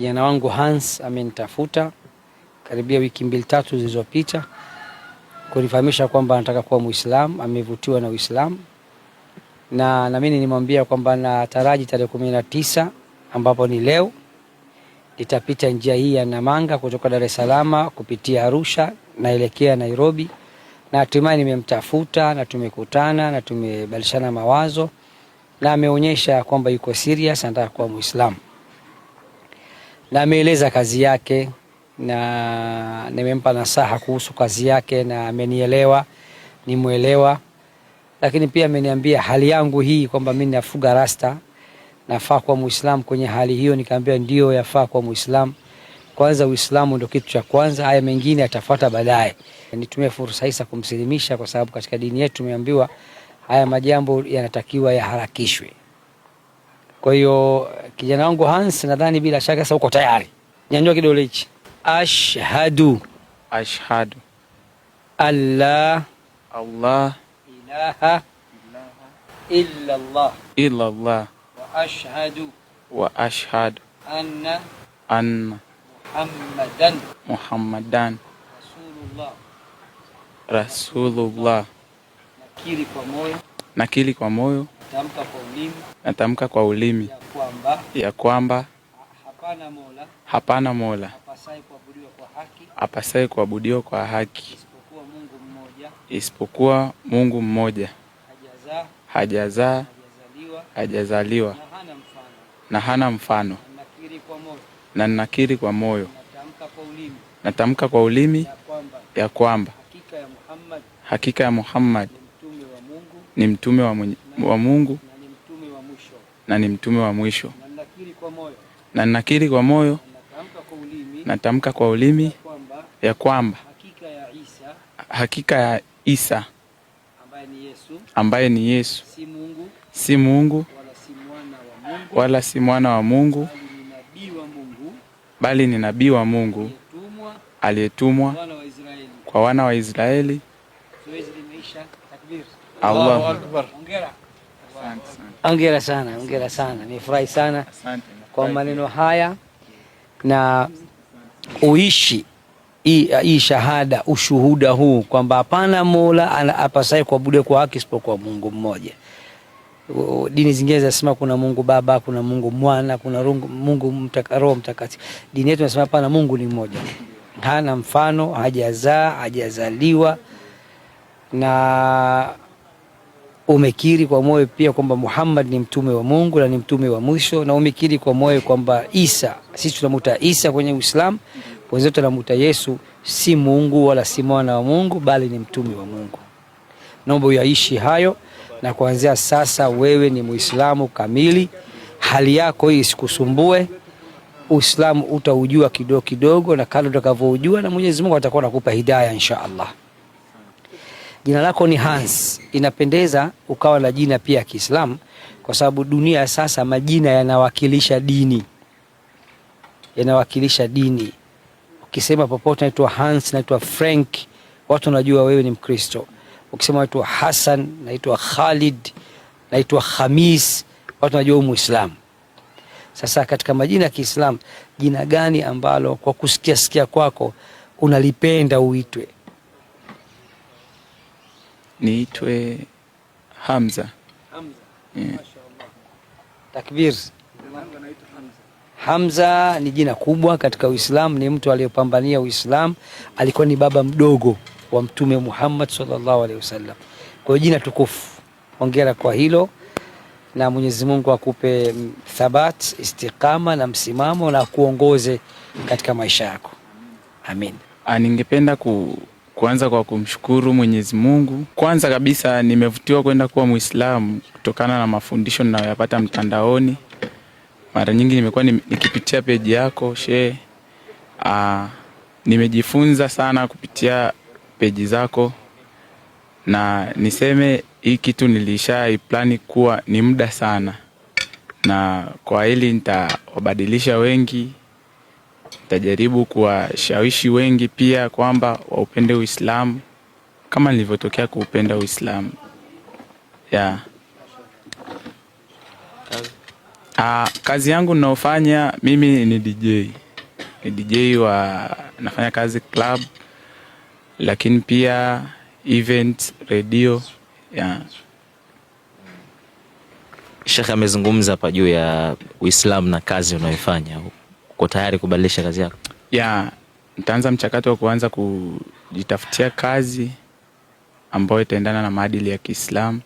kijana wangu Hans amenitafuta karibia wiki mbili tatu zilizopita kunifahamisha kwamba anataka kuwa Muislamu, amevutiwa na Uislamu na na mimi nilimwambia kwamba nataraji tarehe kumi na tisa ambapo ni leo nitapita njia hii ya Namanga kutoka Dar es Salaam kupitia Arusha naelekea Nairobi, na hatimaye nimemtafuta na tumekutana na tumebadilishana mawazo na ameonyesha kwamba yuko serious, anataka kuwa Muislamu na ameeleza kazi yake na nimempa nasaha kuhusu kazi yake na amenielewa, nimwelewa. Lakini pia ameniambia hali yangu hii kwamba mimi nafuga rasta, nafaa kuwa Muislamu kwenye hali hiyo. Nikaambia ndio, yafaa kuwa Muislamu. Kwanza Uislamu ndio kitu cha kwanza, haya mengine yatafuata baadaye. Nitumie fursa hii kumsilimisha, kwa sababu katika dini yetu tumeambiwa haya majambo yanatakiwa yaharakishwe. Kwa hiyo kijana wangu Hans, nadhani bila shaka sasa uko tayari, nyanyua kidole hichi. Ashhadu, ashhadu Allah, Allah ilaha illa Allah illa Allah wa ashhadu wa ashhadu anna anna Muhammadan Muhammadan Rasulullah Rasulullah. Nakiri kwa moyo nakiri kwa moyo natamka kwa ulimi, natamka kwa ulimi ya kwamba, ya kwamba hapana Mola, hapana Mola apasaye kuabudiwa kwa haki isipokuwa Mungu mmoja, hajazaa, hajazaa hajazaliwa na hana mfano, na hana mfano. Na ninakiri kwa moyo, natamka kwa ulimi ya kwamba hakika ya Muhammad ni mtume wa, wa Mungu na ni mtume wa mwisho, na ninakiri kwa moyo natamka kwa ulimi ya kwamba, hakika ya Isa, ambaye ni Yesu, ambaye ni Yesu si Mungu, si Mungu wala si mwana wa Mungu bali ni nabii wa Mungu aliyetumwa kwa wana wa Israeli Allahu Akbar. Hongera. Hongera sana, hongera sana. Nifurahi sana kwa maneno haya na uishi hii shahada, ushuhuda huu kwamba hapana mola apasaye kuabudiwa kwa haki isipokuwa Mungu mmoja. Dini zingine zinasema kuna Mungu Baba, kuna Mungu Mwana, kuna Mungu Roho Mtakatifu. Dini yetu inasema hapana, Mungu ni mmoja, hana mfano, hajazaa, hajazaliwa na umekiri kwa moyo pia kwamba Muhammad ni mtume wa Mungu na ni mtume wa mwisho, na umekiri kwa moyo kwamba Isa, sisi tunamuita Isa kwenye Uislamu, wenzetu tunamuita Yesu, si Mungu wala si mwana wa Mungu, bali ni mtume wa Mungu. Naomba uyaishi hayo, na kuanzia sasa wewe ni Muislamu kamili, hali yako hii isikusumbue. Uislamu utaujua kidogo kidogo, na kadri utakavyoujua na Mwenyezi Mungu atakuwa anakupa hidayah insha Allah jina lako ni Hans, inapendeza ukawa na jina pia ya Kiislamu kwa sababu dunia sasa majina yanawakilisha dini, yanawakilisha dini. Ukisema popote naitwa Hans, naitwa Frank, watu wanajua wewe ni Mkristo. Ukisema naitwa Hassan, naitwa Khalid, naitwa Khamis, watu wanajua wewe Muislamu. Sasa katika majina ya Kiislamu, jina gani ambalo kwa kusikia sikia kwako unalipenda uitwe? niitwe Hamza. Hamza. Yeah. Takbir. Hamza ni jina kubwa katika Uislamu, ni mtu aliyopambania Uislamu. Alikuwa ni baba mdogo wa Mtume Muhammad sallallahu alaihi wasallam, kwa hiyo jina tukufu. Hongera kwa hilo, na Mwenyezi Mungu akupe thabat, istiqama na msimamo, na kuongoze katika maisha yako, amin. Ah, ningependa ku kuanza kwa kumshukuru Mwenyezi Mungu. Kwanza kabisa nimevutiwa kwenda kuwa Muislamu kutokana na mafundisho ninayoyapata mtandaoni. Mara nyingi nimekuwa nikipitia peji yako she, aa, ah, nimejifunza sana kupitia peji zako, na niseme hii kitu iplani kuwa ni muda sana, na kwa hili nitawabadilisha wengi Nitajaribu kuwashawishi wengi pia kwamba waupende Uislamu kama nilivyotokea kuupenda Uislamu yeah. Ah, kazi yangu ninaofanya mimi ni DJ, ni DJ wa nafanya kazi club, lakini pia event radio yeah. Shekhe amezungumza hapa juu ya Uislamu na kazi unayoifanya huko uko tayari kubadilisha kazi yako? Yeah, nitaanza mchakato wa kuanza kujitafutia kazi ambayo itaendana na maadili ya Kiislamu